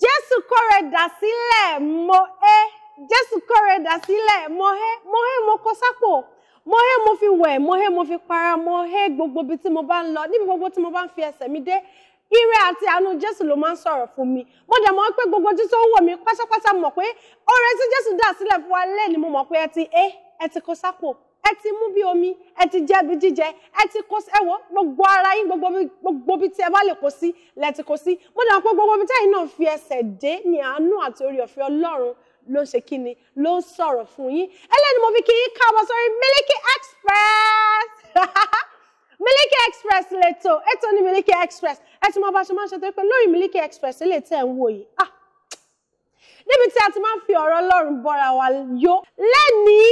jésù kóre dà sílẹ̀ mo é jésù kóre dà sílẹ̀ mo é mo é mo kó sápò mo hé mo fi wẹ̀ mo hé mo fi para mo hé gbogbo ibi tí mo bá ń lọ níbi gbogbo tí mo bá ń fi ẹsẹ̀ mi dé ire àti àánú jésù ló máa ń sọ̀rọ̀ fún mi mo dẹ̀ mọ̀ pé gbogbo ojú tó ń wò mí pátápátá mọ̀ pé oore tí jésù dà sílẹ̀ fún wa lẹ́ẹ̀ ni mo mọ̀ pé ẹ ti é ẹ ti kó sápò ẹ ti mú bí omi ẹ ti jẹ jíjẹ ẹ ti kó ẹ wọ gbogbo ara yín gbogbo bí tí ẹ bá lè kó sí lẹ ti kó sí mo dà pé gbogbo bí táyì náà fi ẹsẹ̀ dé ní àánú àti orí ọ̀fẹ́ Ọlọ́run ló ń ṣe kí ni ló ń sọ̀rọ̀ fún yín ẹlẹ́ni mo fi kí yín káàbọ̀ sórí Miliki Express Miliki Express lẹ́tọ̀ ètò ní Miliki Express ẹ ti mọ bá ṣe máa ń ṣe torí pé lórí Miliki Express lè tẹ̀ ń wò yìí ah! níbi tí a ti máa ń fi ọ̀rọ̀ Ọlọ́run bọ́ra wa yó lẹ́nìí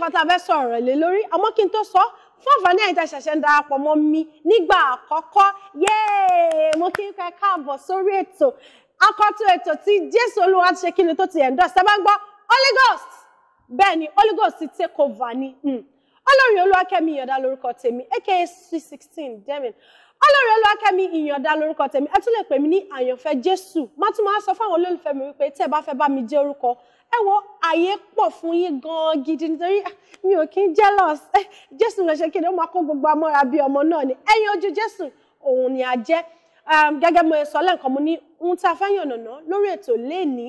nǹkan tá a fẹ́ sọ̀rọ̀ lé lórí àmọ́ kí n tó sọ fún àǹfààní ẹ̀yin tá ń darapọ̀ mọ́ mi nígbà àkọ́kọ́ yéè mo kí n ká káàbọ̀ sórí ètò akọ́tún ètò tí jésù olúwa ti ṣe kí ni tó ti endorse ẹ bá ń gbọ́ holy ghost bẹ́ẹ̀ ni holy ghost ti take over ni hmm. olórin olúwakẹ́mi ìyọ̀dá lórúkọ tèmi aka c sixteen demin ọlọ́run olúwakẹ́mi ìyàndá lórúkọ tèmi ẹ tún lè pè mí ní àyànfẹ́ jésù má tún máa sọ fáwọn olólùfẹ́ mi wípé tẹ́ ẹ bá fẹ́ bá mi jẹ́ orúkọ ẹ wo àyè pọ̀ fún yín gan-an gidi nítorí ah, mi ò kí ń jealous eh, jésù lọ ṣe kí ni ó máa kó gbogbo amọ́ra bíi ọmọ náà ni ẹ̀yin ojú jésù òun ni a jẹ́ ehm, gẹ́gẹ́ mo sọ lẹ́ẹ̀kan mo ní ohun tá a fẹ́ yànnàná lórí ètò léèní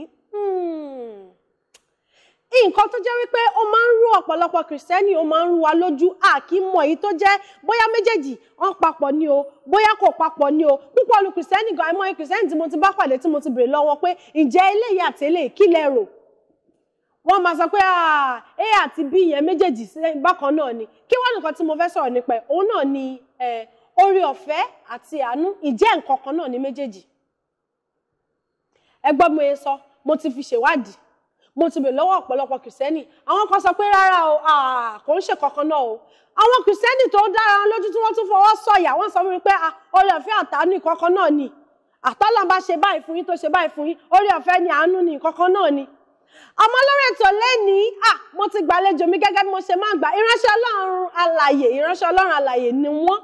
nǹkan tó jẹ́ wípé ó máa ń rú ọ̀pọ̀lọpọ̀ kìrìsìtẹ́nì ó máa ń rú wa lójú a mọ èyí tó jẹ́ bóyá méjèèjì wọ́n papọ̀ ni o bóyá kò papọ̀ ni o púpọ̀ lu kìrìsìtẹ́nì gan àìmọye kìrìsìtẹ́nì tí mo ti bá pàdé tí mo ti bèrè lọ́wọ́ pé ǹjẹ́ eléyìí àti eléyìí kí lẹ rò wọ́n máa sọ pé a àti b yẹn méjèèjì bákan náà ni kí wọ́n nìkan tí mo fẹ́ sọ̀rọ̀ nípa ẹ̀ òun náà ni oore ọ̀fẹ́ àti àánú ìjẹ́ nǹkan kan náà ni méjèèjì ẹgbọ́n mo yẹ sọ mo ti fi ṣèwádìí mo ti bèèrè lọ́wọ́ ọ̀pọ̀lọpọ̀ kìrìsẹ́nì àwọn kan sọ pé rárá o kò ń ṣe kankan náà o àwọn kìrìsẹ́nì tó dára lójú tí wọ́n tún fọwọ́ sọ̀yà wọ́n sọ fún mi pé oore ọ̀fẹ́ àtàánú kankan náà ni àtọ́là bá ṣe báyìí fún yín tó ṣe báyìí fún yín oore ọ̀fẹ́ ni àánú ni kankan náà ni àmọ́ lórí ètò lẹ́nìí à mo ti gbàlejò mi gẹ́gẹ́ bí mo ṣe máa ń gbà ìránṣẹ́ ọlọ́run alàyè ìránṣẹ́ ọlọ́run alàyè ni wọ́n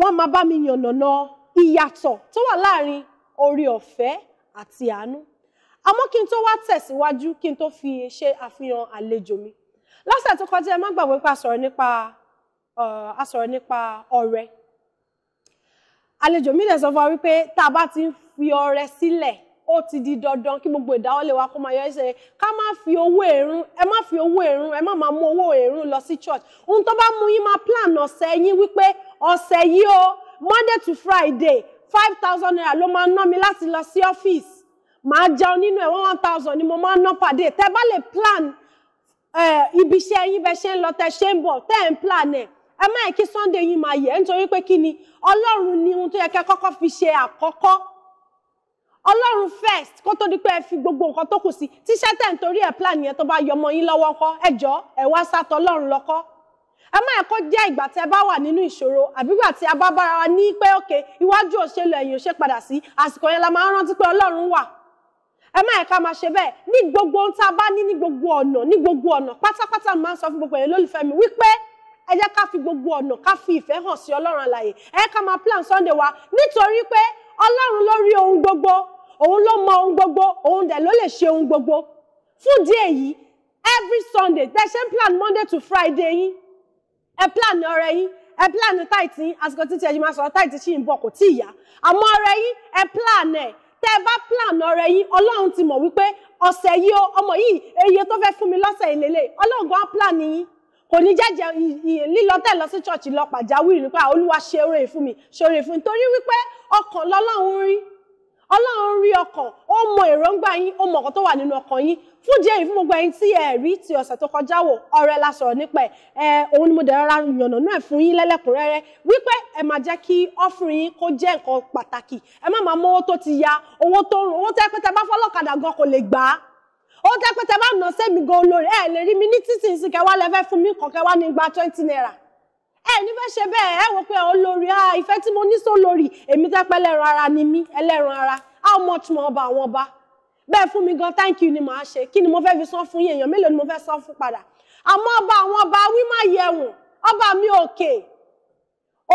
wọ́n máa bá mi yànnàná ìyàtọ̀ tó wà láàrin oore ọ̀fẹ́ àti àánú àmọ́ kí n tó wá tẹ̀síwájú kí n tó fi ṣe àfihàn àlejò mi lọ́sẹ̀ tó kọjá ẹ má gbàgbé pé a sọ̀rọ̀ nípa a sọ̀rọ̀ nípa ọrẹ àlejò mi dẹ̀ sọ fún wa wípé tá a bá ti ń fi ọrẹ sílẹ̀ ó ti di dandan kí gbogbo ìdáwọ́lé wa kó máa yọ ẹsẹ̀ ká má fi owó èrún ẹ má fi owó èrún ẹ má máa mú owó èrún lọ sí church ohun tó bá mú yín máa plan ọ̀sẹ̀ yín wípé ọ̀sẹ̀ yìí o Monday to Friday five thousand naira ló máa ná mi láti lọ sí ọ́fíìsì màá jẹun nínú ẹ̀ one thousand ni mo máa ná pàdé tẹ́ bá lè plan ibi iṣẹ́ yín bẹ́ ṣe ń lọ tẹ́ ṣe ń bọ̀ tẹ́ ẹ̀ ń plan ẹ̀ ẹ má yẹ kí Sunday yín máa yẹ nítorí pé kí ni Ọlọ́run ni ohun tó yẹ kẹ́ kọ́kọ́ fi ṣe àkọ́kọ́ Ọlọ́run first kó tó di pé ẹ fi gbogbo nǹkan tó kù sí tíṣẹ́ tẹ̀ ń torí ẹ̀ plan yẹn tó bá yọ ọmọ yín lọ́wọ́ kọ́ ẹ jọ ẹ wá sátọ Ọlọ́run lọ́kọ́ ẹ má yẹ kó jẹ́ ìgbà tí ẹ bá wà nínú ìṣòro àbígbà tí a bá bára wa ní pé òkè iwájú òṣèlú ẹ̀yìn òṣè padà sí àsìkò yẹn la máa ń rántí pé Ọlọ́run wà ẹ má ẹ̀ka máa ṣe bẹ́ẹ̀ ní gbogbo ohun tá a bá ní ní gbogbo ọ̀nà ní gbogbo ọ̀nà pátápátá máa ń sọ fún gbogbo ẹ̀yẹ lólùfẹ́ mi wípé ẹ jẹ́ ká fi gbogbo ọ̀nà ká fi ìfẹ́ hàn sí ọlọ́run àlàyé ẹ ká máa plan sunday wa nítorí pé ọlọ́run ló rí ohun gbogbo òun ló mọ ohun gbogbo òun dẹ̀ ló lè ṣe ohun gbogbo fún díẹ̀ yìí every sunday tẹ́ ṣe ń plan monday to friday yín ẹ plan ọ̀rẹ́ yín ẹ plan tight yín àsìkò títí ẹ jí máa sọ tight ṣì ń bọ̀ kò tí ì yá àmọ́ ọ̀rẹ́ yín ẹ plan ẹ̀ tẹ́ ẹ bá plan ọrẹ yín ọlọ́run ti mọ̀ wípé ọ̀sẹ̀ yìí o ọmọ yìí èyí tó fẹ́ fún mi lọ́sẹ̀ ìlélẹ̀ ọlọ́run gan plan yín kò ní jẹ́jẹ́ lílọ tẹ̀ lọ sí ṣọ́ọ̀ṣì lọ pàjáwìrì nípa olúwa ṣe oore fún mi ṣe oore fún mi torí wípé ọkàn lọ́lọ́run rí ọlọ́run rí ọkàn ó mọ èròǹgbà yín ó mọ ọkàn tó wà nínú ọkàn yín fún díẹ̀ yìí fún gbogbo ẹ̀yin tí ẹ rí ti ọ̀sẹ̀ tó kọjá wò ọ̀rẹ́ la sọ̀rọ̀ nípa ẹ̀ ẹ òun ni mo dẹ̀ rọra yànnà náà fún yín lẹ́lẹ́kùnrẹ́rẹ́ wípé ẹ máa jẹ́ kí ọ́fìn yín kó jẹ́ nǹkan pàtàkì ẹ má máa mówó tó ti ya owó tó ń owó tẹ́ pé tẹ́ bá fọ́lọ́kadà gan kò lè gbà á owó tẹ́ pé tẹ́ bá nà sẹ́mi gan olórí ẹ lè rí mi ní títì ìsìnkẹ́wá lẹ́fẹ́ fún mi kọ̀ọ̀kẹ́wá ní gba twenty naira ẹ ní fẹ́ ṣe bẹ́ẹ̀ ẹ wò pé olórí ah ìfẹ́ tí mo ní sólórí èmi tẹ́pẹ́ ẹlẹ́ran ara ni mí ẹlẹ́ran ara how much mo ọba àwọn ọba bẹ́ẹ̀ fún mi gan thank you ni màá ṣe kí ni mo fẹ́ fi san fún yẹn èèyàn mélòó ni mo fẹ́ san fún padà àmọ́ ọba àwọn ọba wí má yẹ̀wùn ọba mi òkè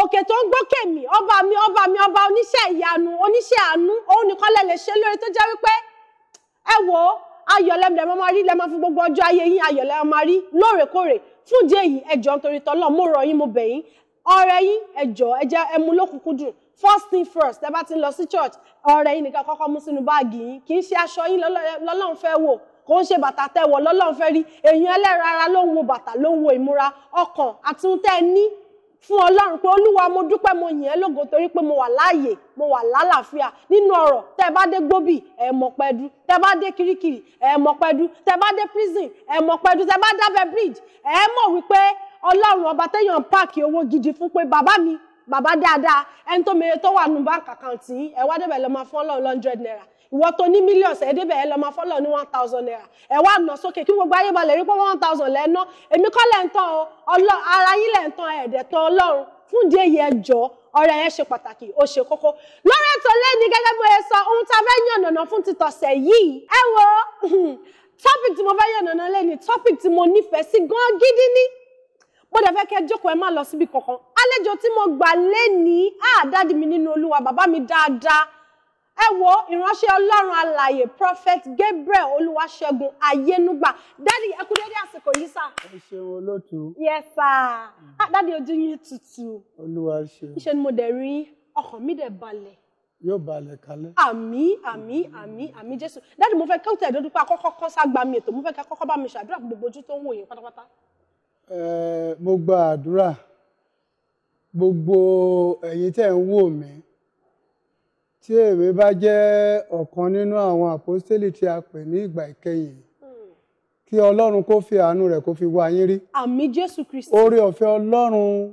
òkè tó ń gbókè mi ọba mi ọba mi ọba oníṣẹ́ ìyanu oníṣẹ́ àánú òun nìkan lẹ lè ṣe lórí tó jẹ́ wípé ẹ wò ó ayọ̀ lẹ́mọ̀ọ́ máa rí lẹ́mọ̀ fún gbogbo ọjọ́ ayé yín ayọ̀ lẹ́mọ̀ máa rí lóòrèkóòrè fún díẹ̀ yìí ẹjọ́ nítorí tọ́lọ́ mo rọ̀ yín mo bẹ̀ yín ọ̀rẹ́ yín ẹjọ́ ẹjẹ́ ẹmu lókùnkùn dùn first thing first ẹ bá ti lọ sí church ọ̀rẹ́ yín nìkan kọ́kọ́ mú sínú báàgì yín kì í ṣe aṣọ yín lọ́lọ́run fẹ́ wò kò ń ṣe bàtà tẹ́wọ̀ lọ́lọ́run fẹ́ rí èèyàn ẹlẹ́ran ara ló ń wo bàtà ló ń wo ìmúra ọkàn àti ohun tẹ́ ẹ ní fún ọlọ́run pé olúwa mo dúpẹ́ mo yìn ẹ́ lógo torí pé mo wà láàyè mo wà lálàáfíà nínú ọ̀rọ̀ tẹ́ bá dé gbóbì ẹ mọ̀ pẹ́dú tẹ́ bá dé kirikiri ẹ mọ̀ pẹ́dú tẹ́ bá dé prison ẹ mọ̀ pẹ́dú tẹ́ bá dábẹ́ bridge ẹ mọ̀ wípé ọlọ́run ọba téèyàn páàkì owó gidi fún pé bàbá mi bàbá dáadáa ẹni tó meye tó wà nù báńkì àkáǹtì ẹ wá débẹ̀ lọ máa fún ọlọ́run hundred naira ìwọ tó ní millions ẹ̀ débẹ̀ ẹ̀ lọ máa fọ́lọ̀ ní one thousand naira ẹ̀ wá nà sókè kí gbogbo ayé balẹ̀ rí pé one thousand lẹ́ ná èmi kọ́ lẹ́ ń tán o ara yín lẹ́ ń tán ẹ̀ẹ́dẹ̀ tán ọlọ́run fún ìdí èyí ẹ jọ ọ̀rọ̀ yẹn ṣe pàtàkì ó ṣe kókó lórí ètò lẹ́ni gẹ́gẹ́ bí ẹ sọ ohun tá a fẹ́ yàn nàná fún títọ̀sẹ̀ yìí ẹ wo topic tí mo fẹ́ yàn nàná lẹ́ni topic tí mo nífẹ̀ẹ́ sí gan gidi ni mo dẹ̀ fẹ́ kẹ́ jókòó ẹ má lọ síbi kankan àlejò tí mo gbà lẹ́ni àádáàdì mi nínú olúwa bàbá mi dáadáa ẹ wo ìránṣẹ́ ọlọ́run alàyè prophet gabriel olúwaṣẹ́gun ayénúgbà dádì ẹ kú dédé àsìkò yìí sá. ẹ ṣeun olóòtú. yes sir hmm. ah, dádì ojú yín tutù. olúwa ṣeun. níṣẹ́ ni mo dẹ̀ rí ọkàn mi dẹ̀ balẹ̀ yóò balẹ̀ kalẹ̀. àmì àmì àmì àmì jésù dáàdì mo fẹ́ kẹ́wùtà ìdọ́dún pé akọ́kọ́ kọ́ ságbá mi ètò mo fẹ́ kẹ́ kọ́kọ́ bá mi ṣàdúrà gbogbo ojú tó ń wò yín pátápátá. mo gba àdúrà gbogbo ẹ̀yin tẹ́ ń wò mí tí èmi bá jẹ́ ọ̀kan nínú àwọn àpọ́stélì tí a pè ní ìgbà ìkẹyìn hmm. kí ọlọ́run kó fi àánú rẹ̀ kó fi wá yín rí. àmín jésù kristi. oore ọ̀fẹ́ ọlọ́run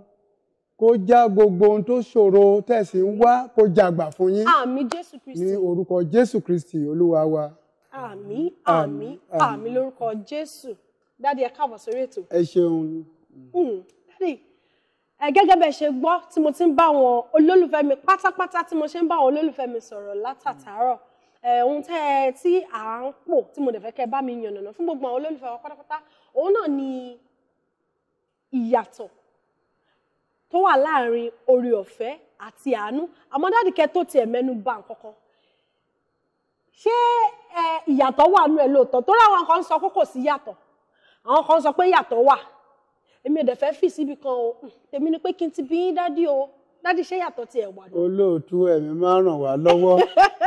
kó já gbogbo ohun tó ṣòro tẹ̀sí ń wá kó jàgbà fún yín. àmín jésù kristi. ní orúkọ jésù kristi olúwa wa. àmín àmín àmín lórúkọ jésù dáàdi ẹ káàbọ̀ sórí ètò. ẹ ṣeun. Hmm. dáàdi gẹ́gẹ́ bẹ́ẹ̀ ṣe gbọ́ tí mo ti ń bá àwọn olólùfẹ́ mi pátápátá tí mo ṣe ń bá àwọn olólùfẹ́ mi sọ̀rọ̀ látàtàárọ̀ ohun tẹ́ ẹ tí à ń pò tí mo dẹ̀ fẹ́ kẹ́ bá mi yànnàná fún gbogbo àwọn olólùfẹ́ wa pátápátá òun náà ni ìyàtọ̀ tó wà láàrin oore ọ̀fẹ́ àti àánú àmọ́ dádìkẹ́ tó tiẹ̀ mẹ́nu bà nǹkankan ṣé ìyàtọ̀ wà nú ẹ̀ lóòótọ́ tó láwọn kan sọ pé kò sí yàtọ̀ àwọn kan sọ pé yàtọ̀ wà èmi ò dẹ̀ fẹ́ fì síbi kan o hmm, tèmi ni pé kí ti bí yín o dádì ṣé yàtọ̀ ti ẹ̀ wà ní. olóòtú ẹ̀mí máa ràn wá lọ́wọ́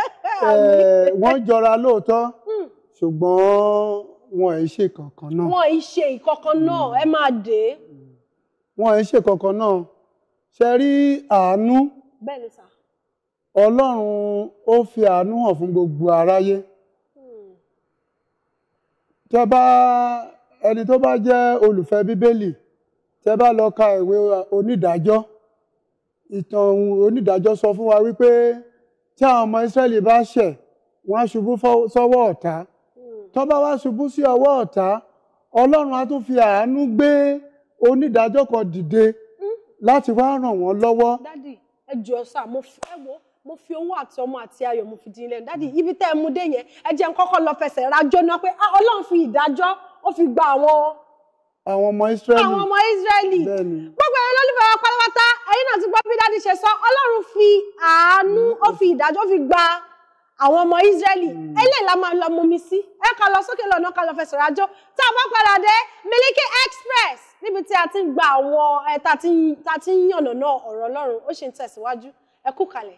eh, wọ́n jọra lóòótọ́ hmm. ṣùgbọ́n wọn ì ṣe kankan náà. wọn ì ṣe ìkankan náà ẹ máa dé. wọn ì ṣe kankan náà ṣe rí àánú. ọlọ́run ó fi àánú hàn fún gbogbo aráyé. Hmm. tẹ́ ẹni tó bá jẹ́ olùfẹ́ bíbélì tẹ bá lọ ka ìwé onídàájọ́ ìtàn onídàájọ́ sọ fún wa wípé tí àwọn ọmọ Ísírẹ́lì bá ṣẹ̀ wọ́n á ṣubú sọ́wọ́ ọ̀tá hmm. tó bá wá ṣubú sí ọwọ́ ọ̀tá Ọlọ́run á tún fi àánú gbé onídàájọ́ kan dìde hmm. láti wá ràn wọ́n lọ́wọ́. dádì ẹ jọ̀ọ́ sá mo fẹ́ wo mo fi owó àti ọmọ àti ayọ̀ mo fi dín lẹ́nu dádì hmm. ibi tẹ́ ẹ mú dé yẹn ẹ jẹ́ kọ́kọ́ lọ fẹsẹ̀ rájọ́ náà pé ah, Ọlọ́run fi ìdájọ́ ó fi gba àwọn àwọn ọmọ Israeli. àwọn ọmọ Israeli. gbogbo ẹ̀rọ lólùfẹ́ wa pátápátá ẹ̀yin náà ti gbọ́ bí dáàdi ṣe sọ ọlọ́run fi àánú mm. ó fi ìdájọ́ fi gba àwọn ọmọ israẹli mm. eléyìí la máa lọ mumi sí ẹ ká lọ sókè lọ́nà ká lọ fẹsẹ̀ rájọ́ tá a bá padà dé Miliki Express níbi tí a ti ń gba àwọn ẹ tá a ti ń yànnàná ọ̀rọ̀ ọlọ́run ó ṣe ń tẹ̀síwájú ẹ kú kalẹ̀.